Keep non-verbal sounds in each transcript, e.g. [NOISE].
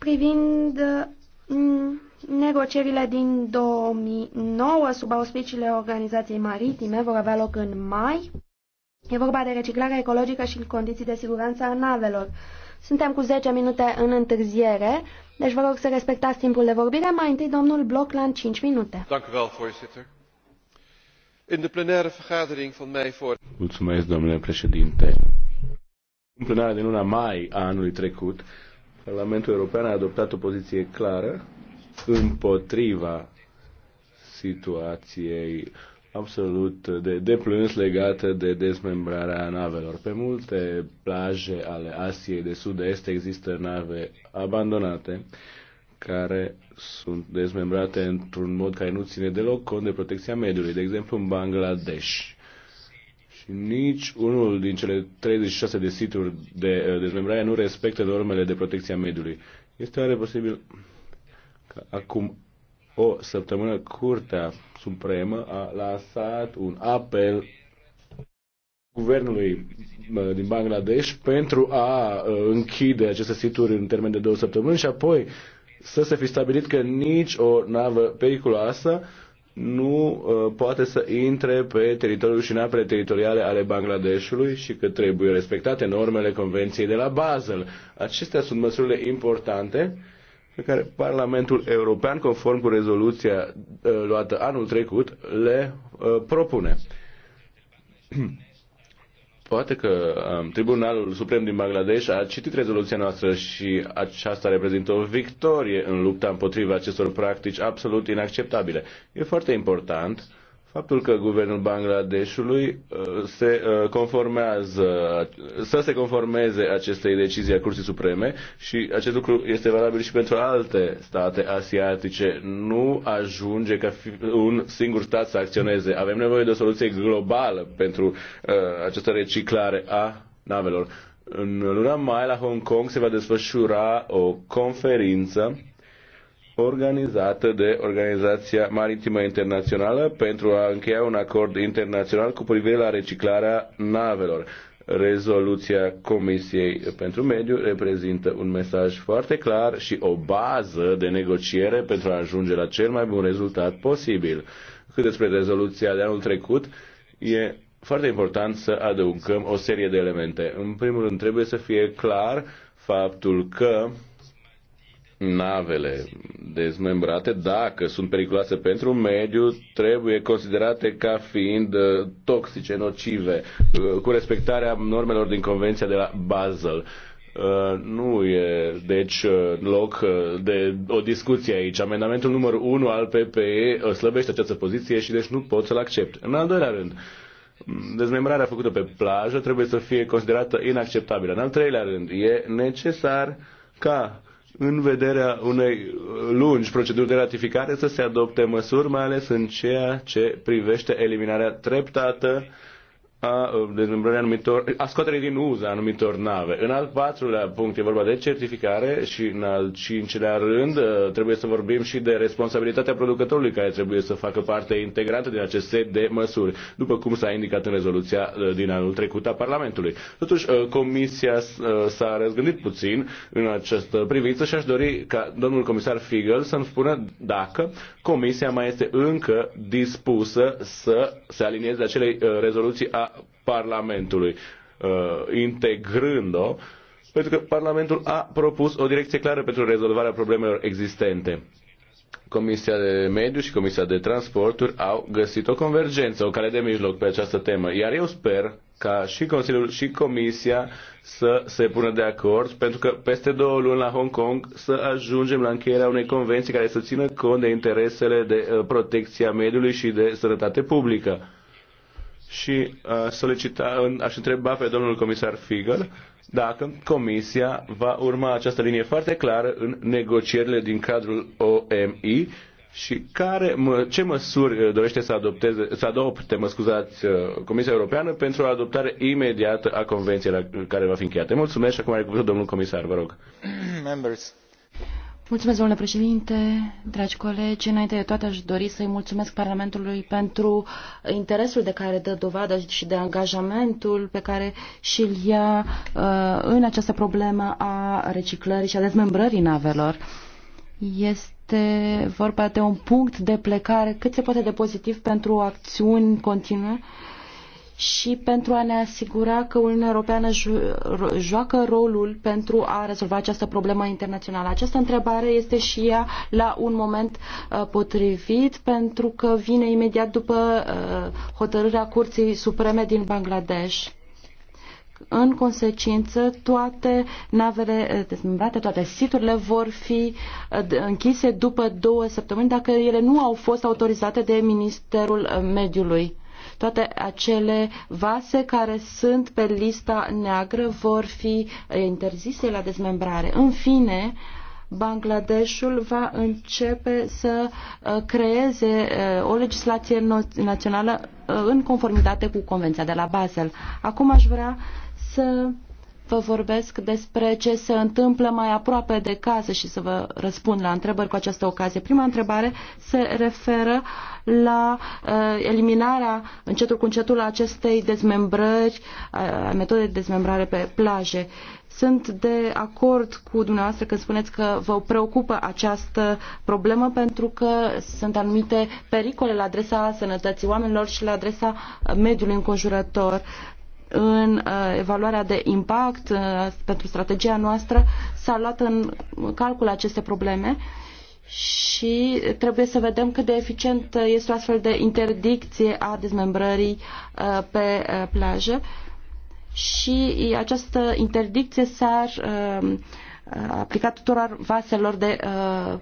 privind uh, negocierile din 2009 sub auspiciile Organizației Maritime vor avea loc în mai. E vorba de reciclarea ecologică și condiții de siguranță a navelor. Suntem cu 10 minute în întârziere, deci vă rog să respectați timpul de vorbire. Mai întâi domnul la 5 minute. Mulțumesc, domnule președinte. În plenarea din luna mai a anului trecut, Parlamentul European a adoptat o poziție clară împotriva situației absolut de deplâns legată de dezmembrarea navelor. Pe multe plaje ale Asiei de Sud-Est există nave abandonate care sunt dezmembrate într-un mod care nu ține deloc cont de protecția mediului, de exemplu în Bangladesh și nici unul din cele 36 de situri de uh, dezmembrare nu respectă normele de protecție a mediului. Este oare posibil că acum o săptămână Curtea Supremă a lansat un apel guvernului uh, din Bangladesh pentru a uh, închide aceste situri în termen de două săptămâni și apoi să se fi stabilit că nici o navă periculoasă nu uh, poate să intre pe teritoriul și în apele teritoriale ale Bangladeshului și că trebuie respectate normele Convenției de la Basel. Acestea sunt măsurile importante pe care Parlamentul European, conform cu rezoluția uh, luată anul trecut, le uh, propune. [CLEARS THROAT] Poate că um, Tribunalul Suprem din Bangladesh a citit rezoluția noastră și aceasta reprezintă o victorie în lupta împotriva acestor practici absolut inacceptabile. E foarte important faptul că guvernul Bangladeshului uh, se uh, conformează, să se conformeze acestei decizii a Curții Supreme și acest lucru este valabil și pentru alte state asiatice. Nu ajunge ca un singur stat să acționeze. Avem nevoie de o soluție globală pentru uh, această reciclare a navelor. În luna mai la Hong Kong se va desfășura o conferință organizată de Organizația Maritimă Internațională pentru a încheia un acord internațional cu privire la reciclarea navelor. Rezoluția Comisiei pentru Mediu reprezintă un mesaj foarte clar și o bază de negociere pentru a ajunge la cel mai bun rezultat posibil. Cât despre rezoluția de anul trecut, e foarte important să adăugăm o serie de elemente. În primul rând, trebuie să fie clar faptul că navele dezmembrate, dacă sunt periculoase pentru mediu, trebuie considerate ca fiind uh, toxice, nocive, uh, cu respectarea normelor din Convenția de la Basel. Uh, nu e, deci, loc de o discuție aici. Amendamentul numărul 1 al PPE slăbește această poziție și deci nu pot să-l accept. În al doilea rând, mm, dezmembrarea făcută pe plajă trebuie să fie considerată inacceptabilă. În al treilea rând, e necesar ca în vederea unei lungi proceduri de ratificare să se adopte măsuri, mai ales în ceea ce privește eliminarea treptată a dezmembrării anumitor, a scoaterii din uză anumitor nave. În al patrulea punct e vorba de certificare și în al cincilea rând trebuie să vorbim și de responsabilitatea producătorului care trebuie să facă parte integrată din acest set de măsuri, după cum s-a indicat în rezoluția din anul trecut a Parlamentului. Totuși, Comisia s-a răzgândit puțin în această privință și aș dori ca domnul comisar Figel să-mi spună dacă Comisia mai este încă dispusă să se alinieze acele rezoluții a Parlamentului, uh, integrând-o, pentru că Parlamentul a propus o direcție clară pentru rezolvarea problemelor existente. Comisia de Mediu și Comisia de Transporturi au găsit o convergență, o cale de mijloc pe această temă. Iar eu sper ca și Consiliul și Comisia să se pună de acord, pentru că peste două luni la Hong Kong să ajungem la încheierea unei convenții care să țină cont de interesele de uh, protecția mediului și de sănătate publică și uh, solicita, aș întreba pe domnul comisar Figel dacă Comisia va urma această linie foarte clară în negocierile din cadrul OMI și care, mă, ce măsuri uh, dorește să, adopteze, să adopte mă scuzați, uh, Comisia Europeană pentru o adoptare imediată a convenției la care va fi încheiată. Mulțumesc și acum are cuvântul domnul comisar, vă rog. Members. Mulțumesc, domnule președinte, dragi colegi. Înainte de toate aș dori să-i mulțumesc Parlamentului pentru interesul de care dă dovadă și de angajamentul pe care și-l ia uh, în această problemă a reciclării și a dezmembrării navelor. Este vorba de un punct de plecare cât se poate de pozitiv pentru acțiuni continue uh, și pentru a ne asigura că Uniunea Europeană joacă rolul pentru a rezolva această problemă internațională. Această întrebare este și ea la un moment uh, potrivit pentru că vine imediat după uh, hotărârea Curții Supreme din Bangladesh. În consecință, toate navele uh, dezmembrate, toate siturile vor fi închise după două săptămâni dacă ele nu au fost autorizate de Ministerul Mediului toate acele vase care sunt pe lista neagră vor fi eh, interzise la dezmembrare. În fine, Bangladeshul va începe să eh, creeze eh, o legislație națională în conformitate cu Convenția de la Basel. Acum aș vrea să vă vorbesc despre ce se întâmplă mai aproape de casă și să vă răspund la întrebări cu această ocazie. Prima întrebare se referă la uh, eliminarea încetul cu încetul acestei dezmembrări, uh, a metodei de dezmembrare pe plaje. Sunt de acord cu dumneavoastră când spuneți că vă preocupă această problemă pentru că sunt anumite pericole la adresa sănătății oamenilor și la adresa mediului înconjurător în uh, evaluarea de impact uh, pentru strategia noastră s-a luat în calcul aceste probleme și trebuie să vedem cât de eficient este o astfel de interdicție a dezmembrării uh, pe plajă și această interdicție s-ar aplica tuturor vaselor de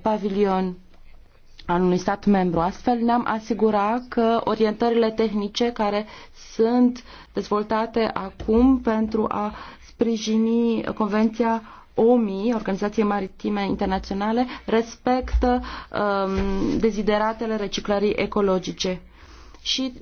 pavilion al unui stat membru. Astfel ne-am asigura că orientările tehnice care sunt dezvoltate acum pentru a sprijini Convenția OMI, Organizației Maritime Internaționale, respectă um, dezideratele reciclării ecologice și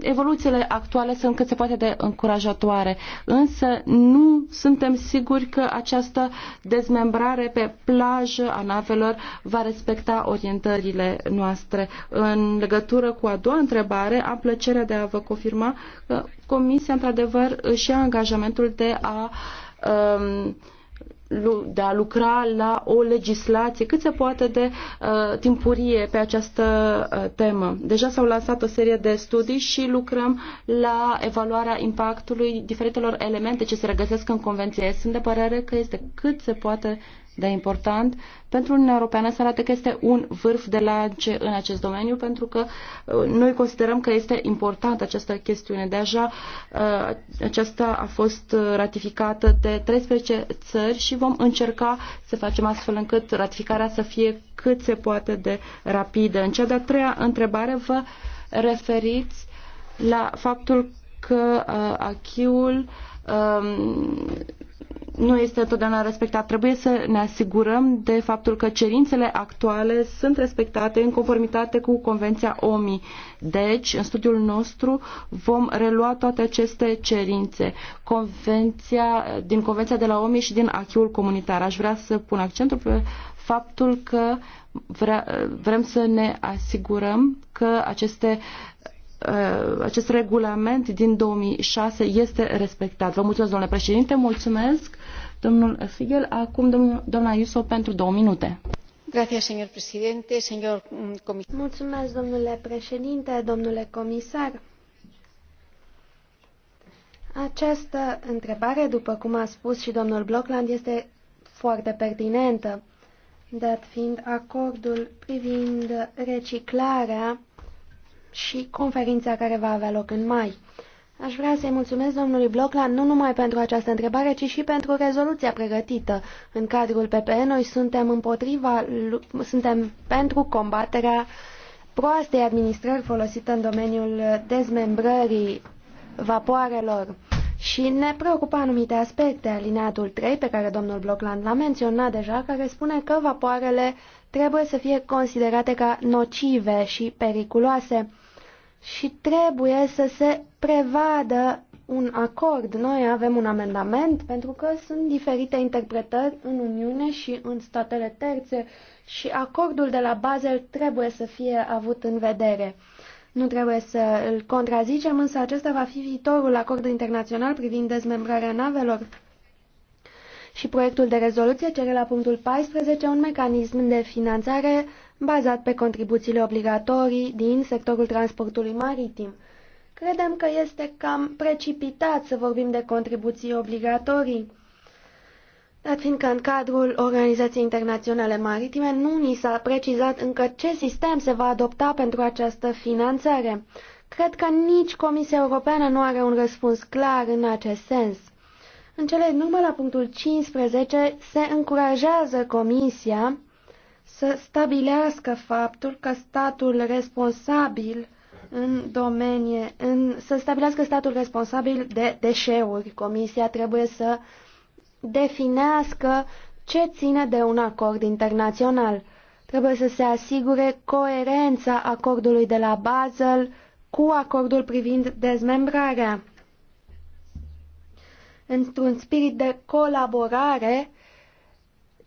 evoluțiile actuale sunt cât se poate de încurajatoare, însă nu suntem siguri că această dezmembrare pe plajă a navelor va respecta orientările noastre. În legătură cu a doua întrebare, am plăcerea de a vă confirma că Comisia într-adevăr își ia angajamentul de a um, de a lucra la o legislație cât se poate de uh, timpurie pe această uh, temă. Deja s-au lansat o serie de studii și lucrăm la evaluarea impactului diferitelor elemente ce se regăsesc în convenție. Sunt de părere că este cât se poate de important pentru Uniunea Europeană să arate că este un vârf de lance în acest domeniu, pentru că uh, noi considerăm că este importantă această chestiune. Deja uh, aceasta a fost ratificată de 13 țări și vom încerca să facem astfel încât ratificarea să fie cât se poate de rapidă. În cea de-a treia întrebare vă referiți la faptul că uh, achiul um, nu este totdeauna respectat. Trebuie să ne asigurăm de faptul că cerințele actuale sunt respectate în conformitate cu Convenția OMI. Deci, în studiul nostru vom relua toate aceste cerințe Convenția, din Convenția de la OMI și din achiul comunitar. Aș vrea să pun accentul pe faptul că vrea, vrem să ne asigurăm că aceste Uh, acest regulament din 2006 este respectat. Vă mulțumesc, domnule președinte, mulțumesc, domnul Figel. Acum, doamna Iuso, pentru două minute. Gracias, señor presidente, señor comisar. Mulțumesc, domnule președinte, domnule comisar. Această întrebare, după cum a spus și domnul Blockland, este foarte pertinentă, dat fiind acordul privind reciclarea și conferința care va avea loc în mai. Aș vrea să-i mulțumesc domnului Bloclan nu numai pentru această întrebare, ci și pentru rezoluția pregătită. În cadrul PPE noi suntem, împotriva, suntem pentru combaterea proastei administrări folosită în domeniul dezmembrării vapoarelor. Și ne preocupă anumite aspecte, alineatul 3, pe care domnul Blocland l-a menționat deja, care spune că vapoarele uh, trebuie să fie considerate ca nocive și periculoase și trebuie să se prevadă un acord. Noi avem un amendament pentru că sunt diferite interpretări în Uniune și în statele terțe și acordul de la Basel trebuie să fie avut în vedere. Nu trebuie să îl contrazicem, însă acesta va fi viitorul acord internațional privind dezmembrarea navelor și proiectul de rezoluție cere la punctul 14 un mecanism de finanțare bazat pe contribuțiile obligatorii din sectorul transportului maritim. Credem că este cam precipitat să vorbim de contribuții obligatorii, dat fiindcă în cadrul Organizației Internaționale Maritime nu ni s-a precizat încă ce sistem se va adopta pentru această finanțare. Cred că nici Comisia Europeană nu are un răspuns clar în acest sens. În cele din urmă, la punctul 15, se încurajează Comisia să stabilească faptul că statul responsabil în domenie, în, să stabilească statul responsabil de deșeuri. Comisia trebuie să definească ce ține de un acord internațional. Trebuie să se asigure coerența acordului de la Basel cu acordul privind dezmembrarea într-un spirit de colaborare,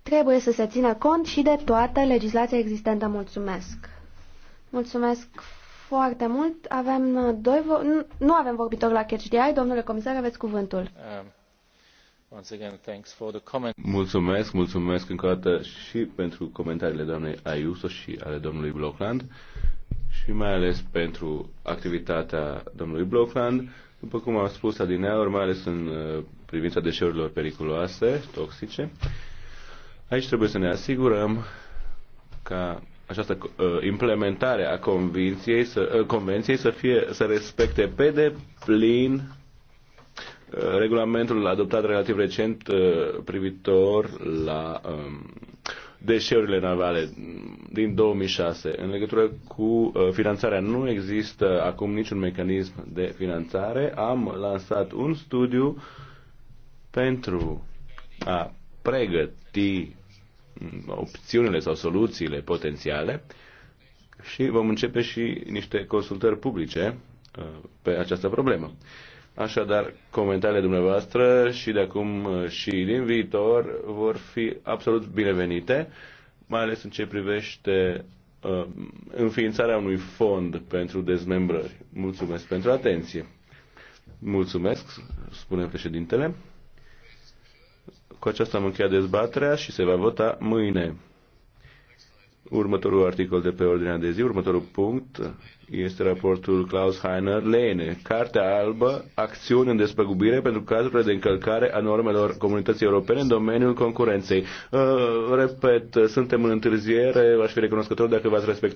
trebuie să se țină cont și de toată legislația existentă. Mulțumesc! Mulțumesc foarte mult. Avem uh, doi vo- nu, nu avem vorbitor la CHDI. Domnule comisar, aveți cuvântul. Um, mulțumesc, mulțumesc încă o dată și pentru comentariile doamnei Ayuso și ale domnului Blockland și mai ales pentru activitatea domnului Blockland după cum am spus adineauri, mai ales în uh, privința deșeurilor periculoase, toxice, aici trebuie să ne asigurăm ca această uh, implementare a convenției să, uh, convenției să, fie, să respecte pe deplin regulamentul adoptat relativ recent privitor la um, deșeurile navale din 2006. În legătură cu uh, finanțarea nu există acum niciun mecanism de finanțare. Am lansat un studiu pentru a pregăti mm, opțiunile sau soluțiile potențiale și vom începe și niște consultări publice uh, pe această problemă. Așadar, comentariile dumneavoastră și de acum uh, și din viitor vor fi absolut binevenite, mai ales în ce privește uh, înființarea unui fond pentru dezmembrări. Mulțumesc pentru atenție. Mulțumesc, spune președintele. Cu aceasta am încheiat dezbaterea și se va vota mâine. Următorul articol de pe ordinea de zi, următorul punct, este raportul Klaus Heiner Lehne, Cartea albă, acțiuni în despăgubire pentru cazurile de încălcare a normelor comunității europene în domeniul concurenței. Uh, repet, suntem în întârziere, aș fi recunoscător dacă v-ați respectat